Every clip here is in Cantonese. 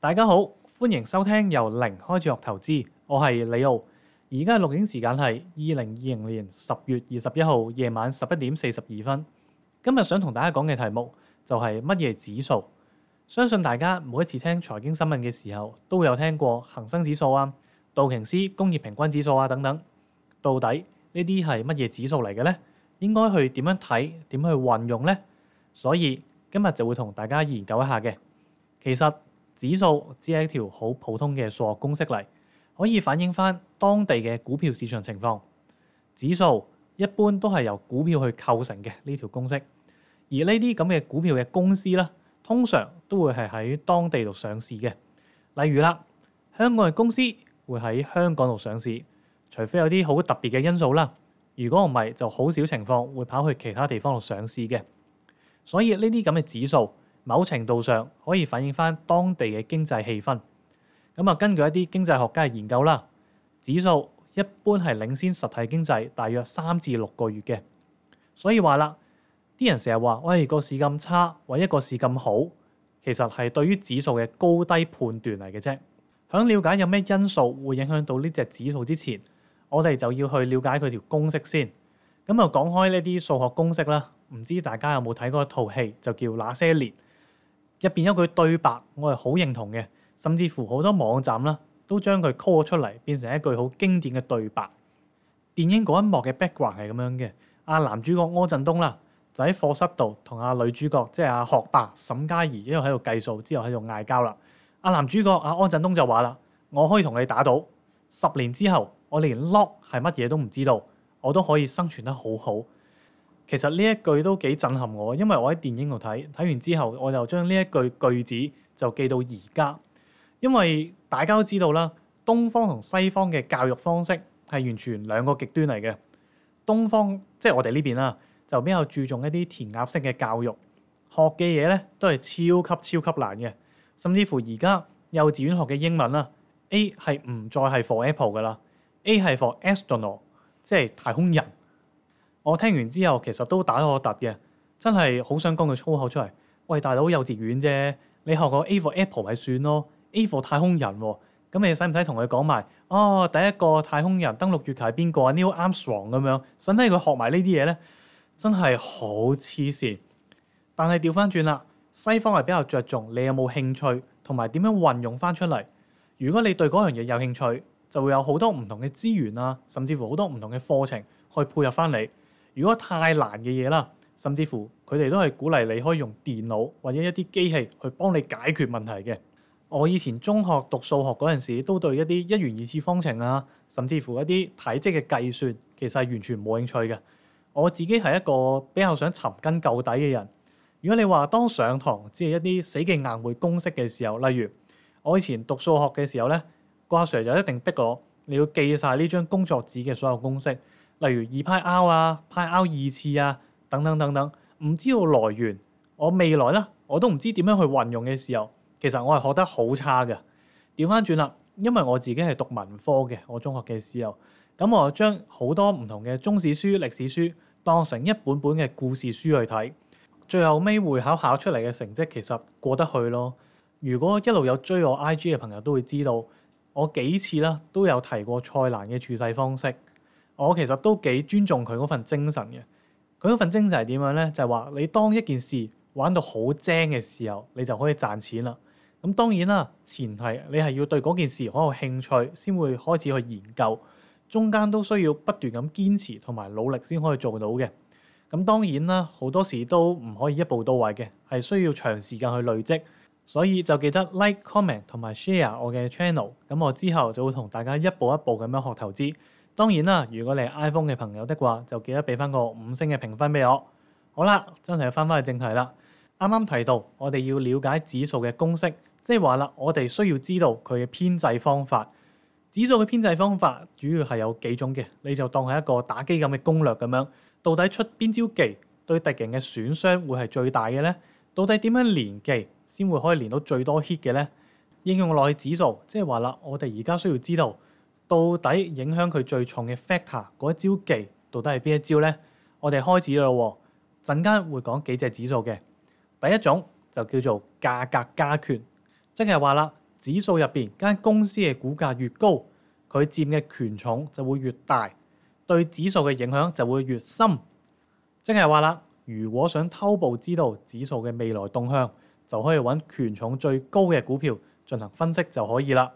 大家好，歡迎收聽由零開始學投資。我係李奧，而家錄影時間係二零二零年十月二十一號夜晚十一點四十二分。今日想同大家講嘅題目就係乜嘢指數。相信大家每一次聽財經新聞嘅時候都會有聽過恆生指數啊、道瓊斯工業平均指數啊等等。到底呢啲係乜嘢指數嚟嘅呢？應該去點樣睇？點去運用呢？所以今日就會同大家研究一下嘅。其實。指數只係一條好普通嘅數學公式嚟，可以反映翻當地嘅股票市場情況。指數一般都係由股票去構成嘅呢條公式，而呢啲咁嘅股票嘅公司咧，通常都會係喺當地度上市嘅。例如啦，香港嘅公司會喺香港度上市，除非有啲好特別嘅因素啦。如果唔係，就好少情況會跑去其他地方度上市嘅。所以呢啲咁嘅指數，某程度上可以反映翻當地嘅經濟氣氛。咁啊，根據一啲經濟學家嘅研究啦，指數一般係領先實體經濟大約三至六個月嘅。所以話啦，啲人成日話：喂，個市咁差，或者一個市咁好，其實係對於指數嘅高低判斷嚟嘅啫。想了解有咩因素會影響到呢隻指數之前，我哋就要去了解佢條公式先。咁啊，講開呢啲數學公式啦，唔知大家有冇睇過一套戲就叫《那些年》。入邊有句對白，我係好認同嘅，甚至乎好多網站啦，都將佢 call 出嚟，變成一句好經典嘅對白。電影嗰一幕嘅 background 係咁樣嘅，阿男主角柯震東啦，就喺課室度同阿女主角即係阿學霸沈佳宜一路喺度計數，之後喺度嗌交啦。阿男主角阿柯震東就話啦：我可以同你打賭十年之後，我連 lock 係乜嘢都唔知道，我都可以生存得好好。其實呢一句都幾震撼我，因為我喺電影度睇，睇完之後我就將呢一句句子就記到而家。因為大家都知道啦，東方同西方嘅教育方式係完全兩個極端嚟嘅。東方即係、就是、我哋呢邊啦，就比較注重一啲填鴨式嘅教育，學嘅嘢咧都係超級超級難嘅。甚至乎而家幼稚園學嘅英文啦，A 係唔再係 for Apple 噶啦，A 係 for Astronaut，即係太空人。我聽完之後，其實都打咗個突嘅，真係好想講句粗口出嚟。喂，大佬，幼稚園啫，你學個 A for Apple 咪算咯，A for 太空人喎，哦，咁你使唔使同佢講埋？哦，第一個太空人登陸月球係邊個啊？Neil Armstrong 咁樣，使唔使佢學埋呢啲嘢咧？真係好黐線。但係調翻轉啦，西方係比較着重你有冇興趣，同埋點樣運用翻出嚟。如果你對嗰樣嘢有興趣，就會有好多唔同嘅資源啊，甚至乎好多唔同嘅課程去配合翻你。如果太難嘅嘢啦，甚至乎佢哋都係鼓勵你可以用電腦或者一啲機器去幫你解決問題嘅。我以前中學讀數學嗰陣時，都對一啲一元二次方程啊，甚至乎一啲體積嘅計算，其實係完全冇興趣嘅。我自己係一個比較想尋根究底嘅人。如果你話當上堂只係一啲死記硬背公式嘅時候，例如我以前讀數學嘅時候咧，個阿 Sir 就一定逼我，你要記晒呢張工作紙嘅所有公式。例如二派 R 啊、派 R 二次啊等等等等，唔知道來源，我未來咧我都唔知點樣去運用嘅時候，其實我係學得好差嘅。調翻轉啦，因為我自己係讀文科嘅，我中學嘅時候，咁我就將好多唔同嘅中史書、歷史書當成一本本嘅故事書去睇，最後尾會考考出嚟嘅成績其實過得去咯。如果一路有追我 IG 嘅朋友都會知道，我幾次啦都有提過蔡瀾嘅處世方式。我其實都幾尊重佢嗰份精神嘅。佢嗰份精神係點樣咧？就係話你當一件事玩到好精嘅時候，你就可以賺錢啦。咁當然啦，前提你係要對嗰件事好有興趣，先會開始去研究。中間都需要不斷咁堅持同埋努力先可以做到嘅。咁當然啦，好多時都唔可以一步到位嘅，係需要長時間去累積。所以就記得 like、comment 同埋 share 我嘅 channel。咁我之後就會同大家一步一步咁樣學投資。當然啦，如果你係 iPhone 嘅朋友的話，就記得俾翻個五星嘅評分俾我。好啦，真係翻返去正題啦。啱啱提到我哋要了解指數嘅公式，即係話啦，我哋需要知道佢嘅編製方法。指數嘅編製方法主要係有幾種嘅，你就當係一個打機咁嘅攻略咁樣。到底出邊招技對敵人嘅損傷會係最大嘅咧？到底點樣連技先會可以連到最多 hit 嘅咧？應用落去指數，即係話啦，我哋而家需要知道。到底影響佢最重嘅 factor 嗰一招技，到底係邊一招呢？我哋開始咯喎，陣間會講幾隻指數嘅。第一種就叫做價格加權，即係話啦，指數入邊間公司嘅股價越高，佢佔嘅權重就會越大，對指數嘅影響就會越深。即係話啦，如果想偷步知道指數嘅未來動向，就可以揾權重最高嘅股票進行分析就可以啦。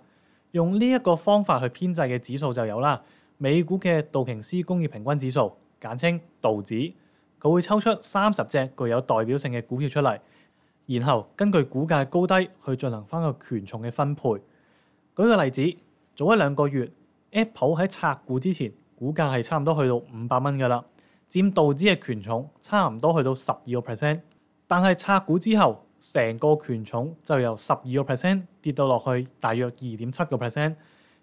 用呢一個方法去編制嘅指數就有啦，美股嘅道瓊斯工業平均指數，簡稱道指，佢會抽出三十隻具有代表性嘅股票出嚟，然後根據股價高低去進行返個權重嘅分配。舉個例子，早一兩個月，Apple 喺拆股之前股價係差唔多去到五百蚊㗎喇，佔道指嘅權重差唔多去到十二個 percent，但係拆股之後，成個權重就由十二個 percent 跌到落去大約二點七個 percent，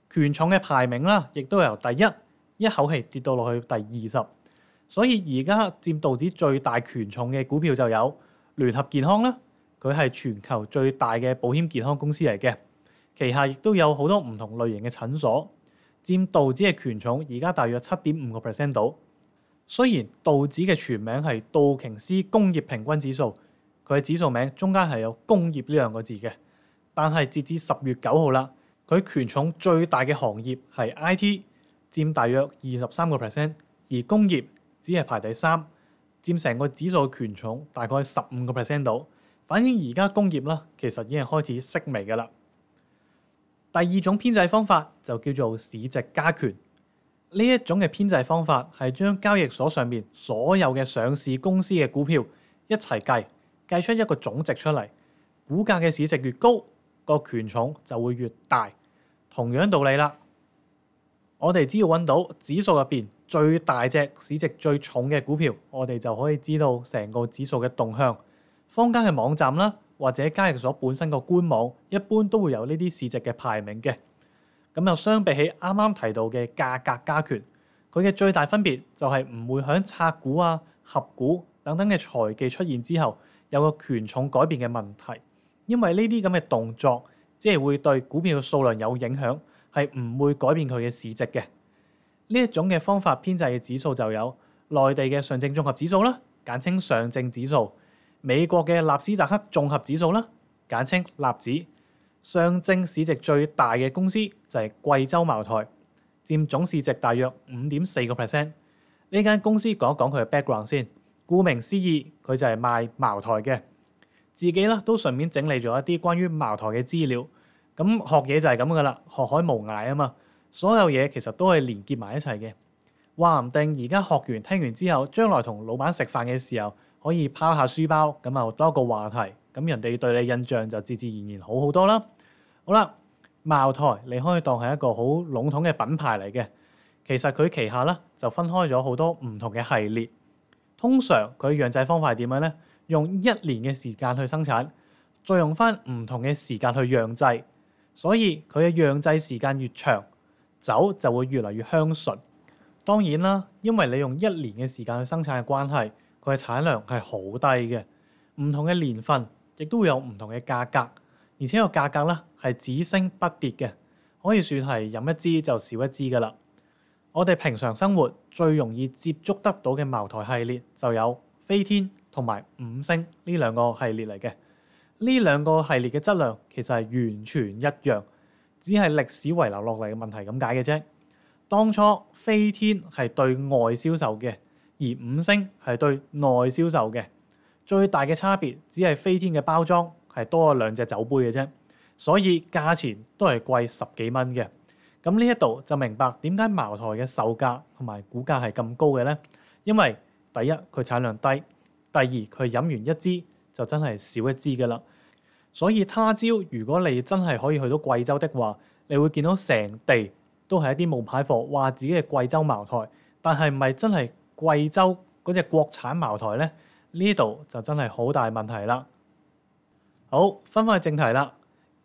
權重嘅排名啦，亦都由第一一口氣跌到落去第二十。所以而家佔道指最大權重嘅股票就有聯合健康啦，佢係全球最大嘅保險健康公司嚟嘅，旗下亦都有好多唔同類型嘅診所，佔道指嘅權重而家大約七點五個 percent 度。雖然道指嘅全名係道瓊斯工業平均指數。佢嘅指數名中間係有工業呢兩個字嘅，但係截至十月九號啦，佢權重最大嘅行業係 IT，佔大約二十三個 percent，而工業只係排第三，佔成個指數權重大概十五個 percent 度。反映而家工業啦，其實已經係開始式微噶啦。第二種編製方法就叫做市值加權，呢一種嘅編製方法，係將交易所上面所有嘅上市公司嘅股票一齊計，計出一個總值出嚟，股價嘅市值越高，個權重就會越大。同樣道理啦，我哋只要揾到指數入邊最大隻市值最重嘅股票，我哋就可以知道成個指數嘅動向。坊間嘅網站啦，或者交易所本身個官網，一般都會有呢啲市值嘅排名嘅。咁又相比起啱啱提到嘅價格加權，佢嘅最大分別就係唔會響拆股啊、合股等等嘅財技出現之後，有個權重改變嘅問題，因為呢啲咁嘅動作，即係會對股票嘅數量有影響，係唔會改變佢嘅市值嘅。呢一種嘅方法編制嘅指數就有內地嘅上證綜合指數啦，簡稱上證指數；美國嘅納斯達克綜合指數啦，簡稱納指。上證市值最大嘅公司就係貴州茅台，佔總市值大約五點四個 percent。呢間公司講一講佢嘅 background 先。顧名思義，佢就係賣茅台嘅，自己咧都順便整理咗一啲關於茅台嘅資料。咁、嗯、學嘢就係咁噶啦，學海無涯啊嘛，所有嘢其實都係連結埋一齊嘅。話唔定而家學完聽完之後，將來同老闆食飯嘅時候，可以拋下書包，咁就多個話題，咁、嗯、人哋對你印象就自自然然好好多啦。好啦，茅台你可以當係一個好籠統嘅品牌嚟嘅，其實佢旗下咧就分開咗好多唔同嘅系列。通常佢嘅釀製方法係點樣咧？用一年嘅時間去生產，再用返唔同嘅時間去釀製，所以佢嘅釀製時間越長，酒就會越嚟越香醇。當然啦，因為你用一年嘅時間去生產嘅關係，佢嘅產量係好低嘅。唔同嘅年份亦都會有唔同嘅價格，而且個價格咧係只升不跌嘅，可以算係飲一支就少一支㗎喇。我哋平常生活最容易接觸得到嘅茅台系列就有飛天同埋五星呢兩個系列嚟嘅。呢兩個系列嘅質量其實係完全一樣，只係歷史遺留落嚟嘅問題咁解嘅啫。當初飛天係對外銷售嘅，而五星係對內銷售嘅。最大嘅差別只係飛天嘅包裝係多咗兩隻酒杯嘅啫，所以價錢都係貴十幾蚊嘅。咁呢一度就明白點解茅台嘅售價同埋股價係咁高嘅咧？因為第一，佢產量低，第二，佢飲完一支就真係少一支噶啦。所以他朝如果你真係可以去到貴州的話，你會見到成地都係一啲冒牌貨，話自己係貴州茅台，但係唔係真係貴州嗰隻國產茅台咧？呢度就真係好大問題啦。好，翻返去正題啦。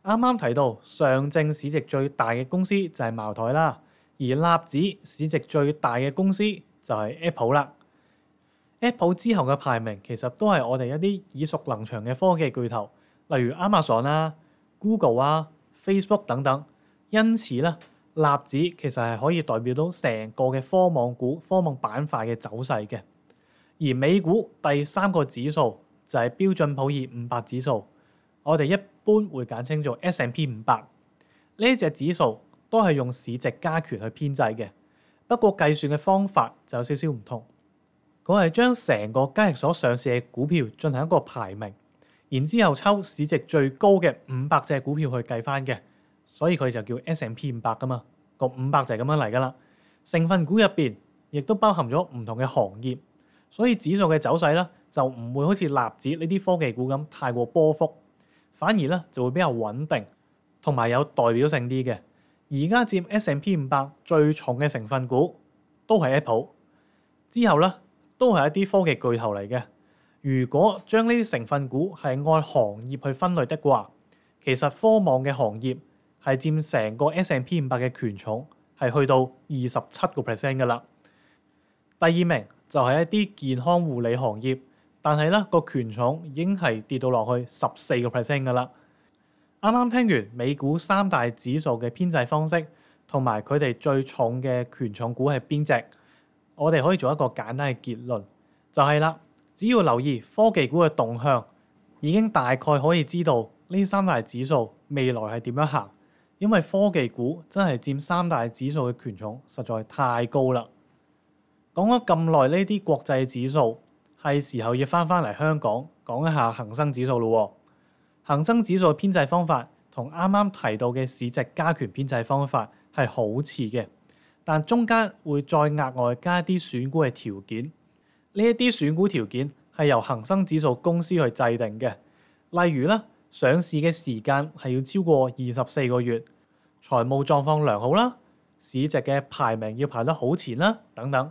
啱啱提到上證市值最大嘅公司就係茅台啦，而納指市值最大嘅公司就係 Apple 啦。Apple 之後嘅排名其實都係我哋一啲耳熟能詳嘅科技巨頭，例如 Amazon 啊、Google 啊、Facebook 等等。因此咧，納指其實係可以代表到成個嘅科網股、科網板塊嘅走勢嘅。而美股第三個指數就係標準普爾五百指數。我哋一般會簡稱做 S and P 五百呢隻指數，都係用市值加權去編製嘅。不過計算嘅方法就有少少唔同。佢係將成個交易所上市嘅股票進行一個排名，然之後抽市值最高嘅五百隻股票去計返嘅，所以佢就叫 S and P 五百噶嘛。個五百就係咁樣嚟噶啦。成份股入邊亦都包含咗唔同嘅行業，所以指數嘅走勢咧就唔會好似納指呢啲科技股咁，太過波幅。反而咧就會比較穩定，同埋有代表性啲嘅。而家佔 S&P 五百最重嘅成分股都係 Apple，之後咧都係一啲科技巨頭嚟嘅。如果將呢啲成分股係按行業去分類的話，其實科網嘅行業係佔成個 S&P 五百嘅權重係去到二十七個 percent 㗎喇。第二名就係一啲健康護理行業。但係咧，個權重已經係跌到落去十四個 percent 噶啦。啱啱聽完美股三大指數嘅編製方式，同埋佢哋最重嘅權重股係邊隻，我哋可以做一個簡單嘅結論，就係啦，只要留意科技股嘅動向，已經大概可以知道呢三大指數未來係點樣行，因為科技股真係佔三大指數嘅權重實在太高啦。講咗咁耐呢啲國際指數。係時候要翻翻嚟香港講一下恒生指數咯。恒生指數編製方法同啱啱提到嘅市值加權編製方法係好似嘅，但中間會再額外加啲選股嘅條件。呢一啲選股條件係由恒生指數公司去制定嘅，例如咧，上市嘅時間係要超過二十四個月，財務狀況良好啦，市值嘅排名要排得好前啦，等等。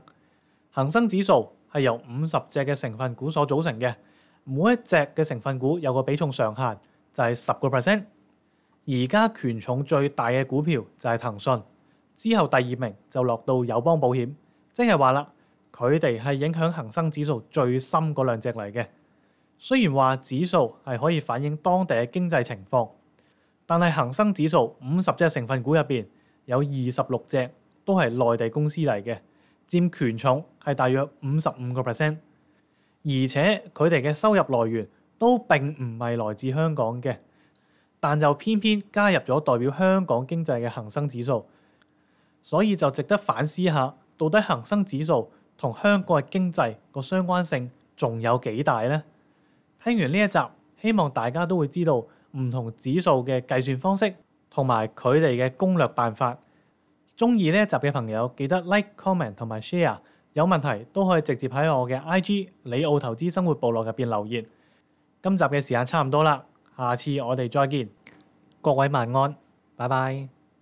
恒生指數，係由五十隻嘅成分股所組成嘅，每一隻嘅成分股有個比重上限就，就係十個 percent。而家權重最大嘅股票就係騰訊，之後第二名就落到友邦保險，即係話啦，佢哋係影響恒生指數最深嗰兩隻嚟嘅。雖然話指數係可以反映當地嘅經濟情況，但係恒生指數五十隻成分股入邊有二十六隻都係內地公司嚟嘅。佔權重係大約五十五個 percent，而且佢哋嘅收入來源都並唔係來自香港嘅，但就偏偏加入咗代表香港經濟嘅恒生指數，所以就值得反思下，到底恒生指數同香港嘅經濟個相關性仲有幾大呢？聽完呢一集，希望大家都會知道唔同指數嘅計算方式同埋佢哋嘅攻略辦法。中意呢一集嘅朋友，記得 like、comment 同埋 share。有問題都可以直接喺我嘅 IG 李奧投資生活部落入邊留言。今集嘅時間差唔多啦，下次我哋再見，各位晚安，拜拜。